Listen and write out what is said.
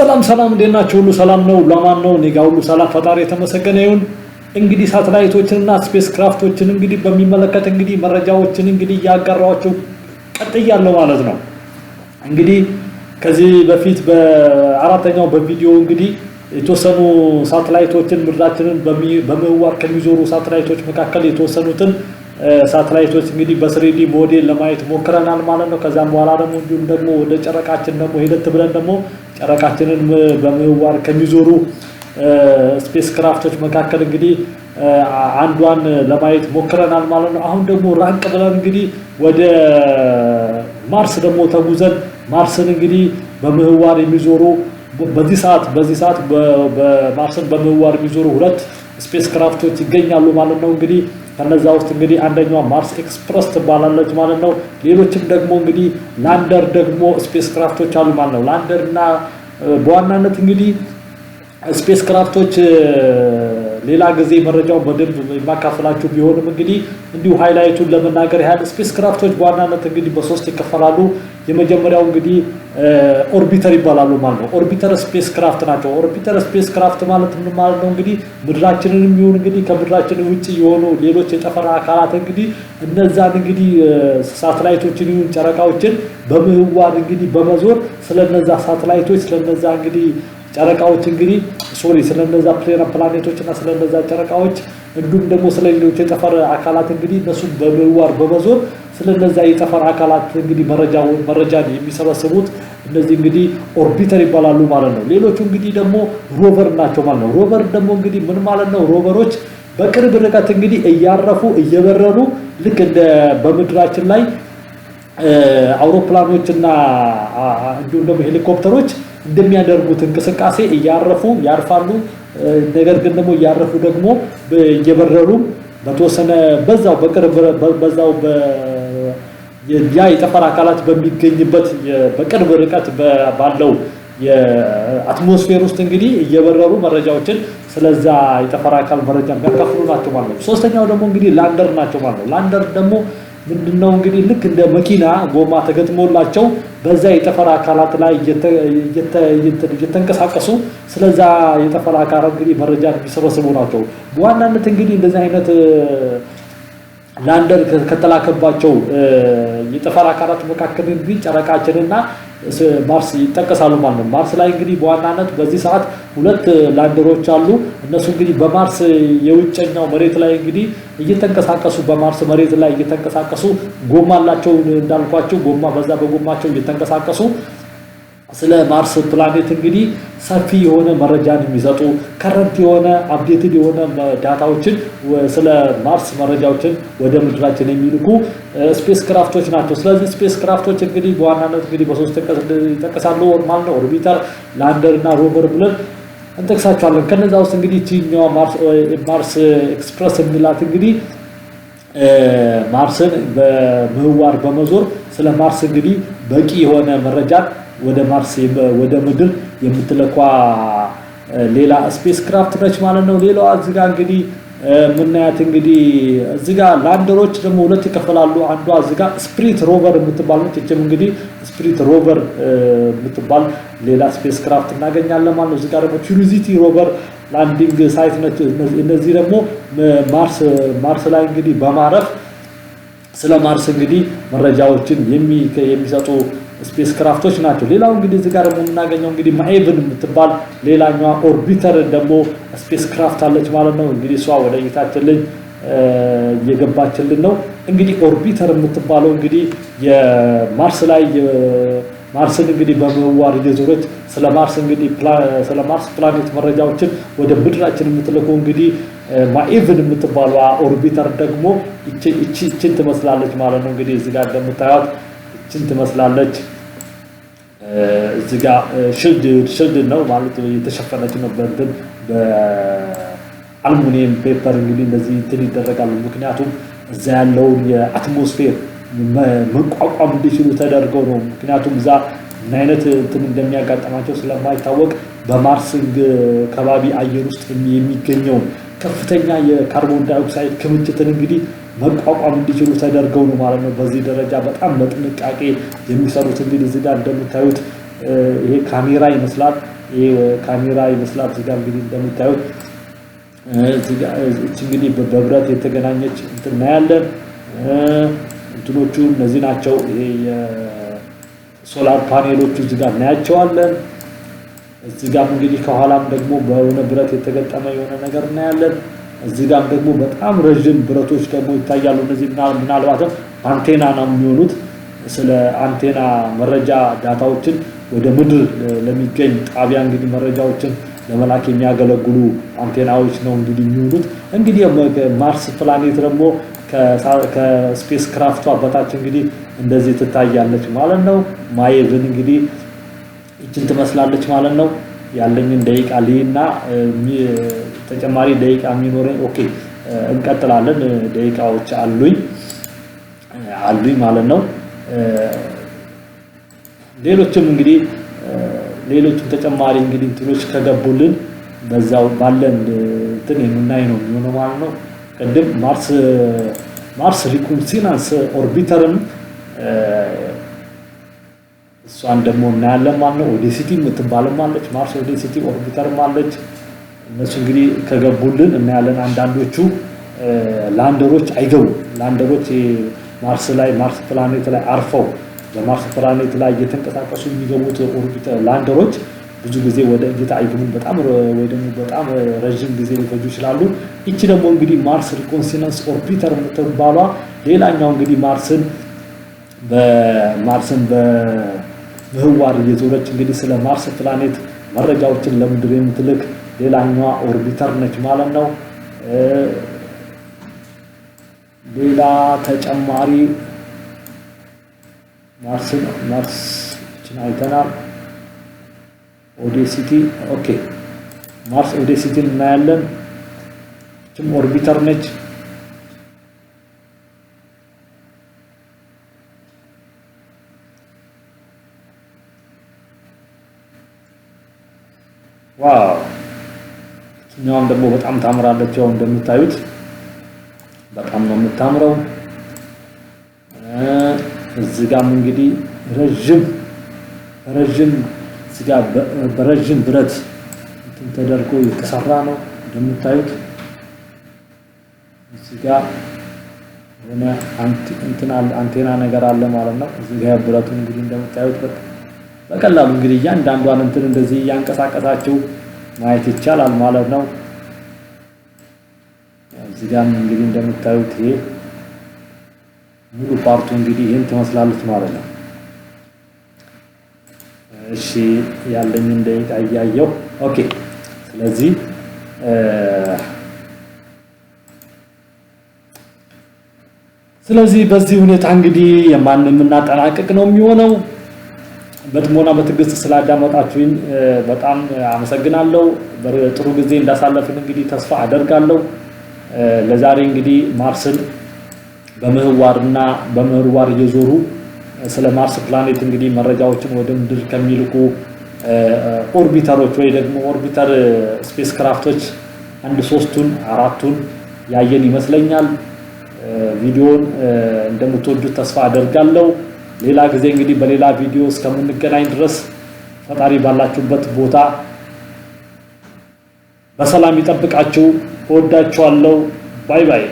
ሰላም ሰላም፣ እንዴት ናችሁ? ሁሉ ሰላም ነው? ለማን ነው? እኔ ጋ ሁሉ ሰላም፣ ፈጣሪ የተመሰገነ ይሁን። እንግዲህ ሳተላይቶችንና ስፔስ ክራፍቶችን እንግዲህ በሚመለከት እንግዲህ መረጃዎችን እንግዲህ እያጋራኋቸው ቀጥያለሁ ማለት ነው። እንግዲህ ከዚህ በፊት በአራተኛው በቪዲዮ እንግዲህ የተወሰኑ ሳተላይቶችን ምድራችንን በምህዋር ከሚዞሩ ሳተላይቶች መካከል የተወሰኑትን ሳተላይቶች እንግዲህ በስሪዲ ሞዴል ለማየት ሞክረናል ማለት ነው። ከዛም በኋላ ደግሞ እንዲሁም ደግሞ ወደ ጨረቃችን ደግሞ ሄደት ብለን ደግሞ ጨረቃችንን በምህዋር ከሚዞሩ ስፔስ ክራፍቶች መካከል እንግዲህ አንዷን ለማየት ሞክረናል ማለት ነው። አሁን ደግሞ ራቅ ብለን እንግዲህ ወደ ማርስ ደግሞ ተጉዘን ማርስን እንግዲህ በምህዋር የሚዞሩ በዚህ ሰዓት በዚህ ሰዓት በማርስን በምህዋር የሚዞሩ ሁለት ስፔስ ክራፍቶች ይገኛሉ ማለት ነው እንግዲህ ከነዛ ውስጥ እንግዲህ አንደኛው ማርስ ኤክስፕረስ ትባላለች ማለት ነው። ሌሎችም ደግሞ እንግዲህ ላንደር ደግሞ ስፔስ ክራፍቶች አሉ ማለት ነው። ላንደር እና በዋናነት እንግዲህ ስፔስ ክራፍቶች ሌላ ጊዜ መረጃውን በደንብ የማካፈላችሁ ቢሆንም እንግዲህ እንዲሁ ሃይላይቱን ለመናገር ያህል ስፔስ ክራፍቶች በዋናነት እንግዲህ በሶስት ይከፈላሉ። የመጀመሪያው እንግዲህ ኦርቢተር ይባላሉ ማለት ነው። ኦርቢተር ስፔስ ክራፍት ናቸው። ኦርቢተር ስፔስ ክራፍት ማለት ምን ማለት ነው? እንግዲህ ምድራችንንም ይሁን እንግዲህ ከምድራችን ውጭ የሆኑ ሌሎች የጠፈራ አካላት እንግዲህ እነዛን እንግዲህ ሳተላይቶችን ይሁን ጨረቃዎችን በምህዋር እንግዲህ በመዞር ስለነዛ ሳተላይቶች ስለነዛ እንግዲህ ጨረቃዎች እንግዲህ ሶሪ ስለነዛ ፕላኔቶች እና ስለነዛ ጨረቃዎች እንዲሁም ደግሞ ስለሌሎች የጠፈር አካላት እንግዲህ እነሱ በምህዋር በመዞር ስለነዛ የጠፈር አካላት እንግዲህ መረጃን የሚሰበስቡት እነዚህ እንግዲህ ኦርቢተር ይባላሉ ማለት ነው። ሌሎቹ እንግዲህ ደግሞ ሮቨር ናቸው ማለት ነው። ሮቨር ደግሞ እንግዲህ ምን ማለት ነው? ሮቨሮች በቅርብ ርቀት እንግዲህ እያረፉ እየበረሩ ልክ እንደ በምድራችን ላይ አውሮፕላኖች እና እንዲሁም ደግሞ ሄሊኮፕተሮች እንደሚያደርጉት እንቅስቃሴ እያረፉ ያርፋሉ። ነገር ግን ደግሞ እያረፉ ደግሞ እየበረሩ በተወሰነ በዛው በቅርብ በዛው ያ የጠፈር አካላት በሚገኝበት በቅርብ ርቀት ባለው የአትሞስፌር ውስጥ እንግዲህ እየበረሩ መረጃዎችን ስለዛ የጠፈር አካል መረጃ የሚያካፍሉ ናቸው ማለት ነው። ሶስተኛው ደግሞ እንግዲህ ላንደር ናቸው ማለት ነው። ላንደር ደግሞ ምንድነው እንግዲህ ልክ እንደ መኪና ጎማ ተገጥሞላቸው በዛ የጠፈር አካላት ላይ እየተንቀሳቀሱ ስለዛ የጠፈር አካላት እንግዲህ መረጃ የሚሰበስቡ ናቸው። በዋናነት እንግዲህ እንደዚህ አይነት ላንደር ከተላከባቸው የጠፈር አካላት መካከል እንግዲህ ጨረቃችንና ማርስ ይጠቀሳሉ ማለት ነው። ማርስ ላይ እንግዲህ በዋናነት በዚህ ሰዓት ሁለት ላንደሮች አሉ። እነሱ እንግዲህ በማርስ የውጨኛው መሬት ላይ እንግዲህ እየተንቀሳቀሱ በማርስ መሬት ላይ እየተንቀሳቀሱ ጎማ አላቸው እንዳልኳቸው ጎማ በዛ በጎማቸው እየተንቀሳቀሱ ስለ ማርስ ፕላኔት እንግዲህ ሰፊ የሆነ መረጃን የሚሰጡ ከረንት የሆነ አፕዴትድ የሆነ ዳታዎችን ስለ ማርስ መረጃዎችን ወደ ምድራችን የሚልኩ ስፔስ ክራፍቶች ናቸው። ስለዚህ ስፔስ ክራፍቶች እንግዲህ በዋናነት እንግዲህ በሶስት ይጠቀሳሉ ማለት ነው። ኦርቢተር፣ ላንደር እና ሮቨር ብለን እንጠቅሳቸዋለን። ከነዛ ውስጥ እንግዲህ ቺኛዋ ማርስ ኤክስፕረስ የሚላት እንግዲህ ማርስን በምህዋር በመዞር ስለ ማርስ እንግዲህ በቂ የሆነ መረጃን ወደ ማርስ ወደ ምድር የምትለኳ ሌላ ስፔስ ክራፍት ነች ማለት ነው። ሌላዋ እዚጋ እንግዲህ ምናያት እንግዲህ እዚጋ ላንደሮች ደግሞ ሁለት ይከፈላሉ። አንዷ እዚጋ ስፕሪት ሮቨር የምትባል ነች። እችም እንግዲህ ስፕሪት ሮቨር የምትባል ሌላ ስፔስ ክራፍት እናገኛለን ማለት ነው። እዚጋ ደግሞ ኪሪዚቲ ሮቨር ላንዲንግ ሳይት ነች። እነዚህ ደግሞ ማርስ ላይ እንግዲህ በማረፍ ስለ ማርስ እንግዲህ መረጃዎችን የሚሰጡ ስፔስ ክራፍቶች ናቸው። ሌላው እንግዲህ እዚህ ጋር የምናገኘው እንግዲህ ማኤቭን የምትባል ሌላኛዋ ኦርቢተር ደግሞ ስፔስ ክራፍት አለች ማለት ነው። እንግዲህ እሷ ወደ እይታችንን እየገባችልን ነው። እንግዲህ ኦርቢተር የምትባለው እንግዲህ የማርስ ላይ ማርስን እንግዲህ በመዋር እየዞረች ስለ ማርስ እንግዲህ ስለ ማርስ ፕላኔት መረጃዎችን ወደ ምድራችን የምትልኩ እንግዲህ ማኤቭን የምትባሏ ኦርቢተር ደግሞ ችን ትመስላለች ማለት ነው። እንግዲህ እዚህ ጋር እንደምታዩት ችን ትመስላለች። እዚጋ ሽልድ ሽልድ ነው ማለት የተሸፈነች ነው በእንትን በአልሙኒየም ፔፐር እንግዲህ እንደዚህ እንትን ይደረጋሉ። ምክንያቱም እዛ ያለውን የአትሞስፌር መቋቋም እንዲችሉ ተደርገው ነው። ምክንያቱም እዛ ምን አይነት እንትን እንደሚያጋጠማቸው ስለማይታወቅ በማርስ ከባቢ አየር ውስጥ የሚገኘውን ከፍተኛ የካርቦን ዳይኦክሳይድ ክምችትን እንግዲህ መቋቋም እንዲችሉ ተደርገው ነው ማለት ነው። በዚህ ደረጃ በጣም በጥንቃቄ የሚሰሩት እንግዲህ እዚህ ጋር እንደምታዩት ይሄ ካሜራ ይመስላል። ይሄ ካሜራ ይመስላል። እዚህ ጋር እንግዲህ እንደምታዩት እንግዲህ በብረት የተገናኘች እንትን እናያለን። እንትኖቹ እነዚህ ናቸው። ይሄ የሶላር ፓኔሎቹ እዚህ ጋር እናያቸዋለን። እዚህ ጋር እንግዲህ ከኋላም ደግሞ በሆነ ብረት የተገጠመ የሆነ ነገር እናያለን። እዚህ ጋም ደግሞ በጣም ረዥም ብረቶች ደግሞ ይታያሉ። እነዚህ ምናልባትም አንቴና ነው የሚሆኑት። ስለ አንቴና መረጃ ዳታዎችን ወደ ምድር ለሚገኝ ጣቢያ እንግዲህ መረጃዎችን ለመላክ የሚያገለግሉ አንቴናዎች ነው እንግዲህ የሚሆኑት። እንግዲህ ማርስ ፕላኔት ደግሞ ከስፔስ ክራፍቷ በታች እንግዲህ እንደዚህ ትታያለች ማለት ነው። ማየዝን እንግዲህ ይችን ትመስላለች ማለት ነው። ያለኝን ደቂቃ ልይና ተጨማሪ ደቂቃ የሚኖረኝ ኦኬ፣ እንቀጥላለን። ደቂቃዎች አሉኝ አሉኝ ማለት ነው። ሌሎችም እንግዲህ ሌሎችም ተጨማሪ እንግዲህ እንትኖች ከገቡልን በዛው ባለን እንትን የምናይ ነው የሚሆነው ማለት ነው። ቅድም ማርስ ማርስ ሪኮንሲናንስ ኦርቢተርም እሷን ደግሞ እናያለን ማለት ነው። ኦዴሲቲ የምትባልም አለች፣ ማርስ ኦዴሲቲ ኦርቢተርም አለች። እነሱ እንግዲህ ከገቡልን እናያለን። አንዳንዶቹ ላንደሮች አይገቡም። ላንደሮች ማርስ ላይ ማርስ ፕላኔት ላይ አርፈው በማርስ ፕላኔት ላይ እየተንቀሳቀሱ የሚገቡት ኦርቢት ላንደሮች ብዙ ጊዜ ወደ እይታ አይገቡም። በጣም ወይ ደግሞ በጣም ረዥም ጊዜ ሊፈጁ ይችላሉ። ይቺ ደግሞ እንግዲህ ማርስ ሪኮንሲነንስ ኦርቢተር የምትባሏ ሌላኛው እንግዲህ ማርስን በማርስን በምህዋር እየዞረች እንግዲህ ስለ ማርስ ፕላኔት መረጃዎችን ለምድር የምትልክ ሌላኛዋ ኦርቢተር ነች ማለት ነው። ሌላ ተጨማሪ ማርስን ማርስችን አይተናል። ኦዴሲቲ ኦኬ፣ ማርስ ኦዴሲቲን እናያለን። ችም ኦርቢተር ነች። ዋው! እችኛዋም ደግሞ በጣም ታምራለች። ያው እንደምታዩት በጣም ነው የምታምረው። እዚህ ጋም እንግዲህ ረዥም ረዥም እዚህ ጋር በረዥም ብረት እንትን ተደርጎ የተሰራ ነው እንደምታዩት። እዚህ ጋር የሆነ አንቴና ነገር አለ ማለት ነው። እዚህ ጋ ብረቱ እንግዲህ እንደምታዩት በቀላሉ እንግዲህ እያንዳንዷን እንትን እንደዚህ እያንቀሳቀሳችሁ ማየት ይቻላል ማለት ነው። እዚህ እንግዲህ እንደምታዩት ይሄ ሙሉ ፓርቱ እንግዲህ ይህን ትመስላለች ማለት ነው። እሺ ያለኝን ደቂቃ እያየሁ ኦኬ። ስለዚህ ስለዚህ በዚህ ሁኔታ እንግዲህ የማን የምናጠናቅቅ ነው የሚሆነው። በጥሞና በትዕግስት ስላዳመጣችሁኝ በጣም አመሰግናለሁ። ጥሩ ጊዜ እንዳሳለፍን እንግዲህ ተስፋ አደርጋለሁ። ለዛሬ እንግዲህ ማርስን በምህዋርና በምህዋር እየዞሩ ስለ ማርስ ፕላኔት እንግዲህ መረጃዎችን ወደ ምድር ከሚልኩ ኦርቢተሮች ወይ ደግሞ ኦርቢተር ስፔስ ክራፍቶች አንድ ሶስቱን አራቱን ያየን ይመስለኛል። ቪዲዮን እንደምትወዱት ተስፋ አደርጋለሁ። ሌላ ጊዜ እንግዲህ በሌላ ቪዲዮ እስከምንገናኝ ድረስ ፈጣሪ ባላችሁበት ቦታ በሰላም ይጠብቃችሁ። እወዳችኋለሁ። ባይ ባይ።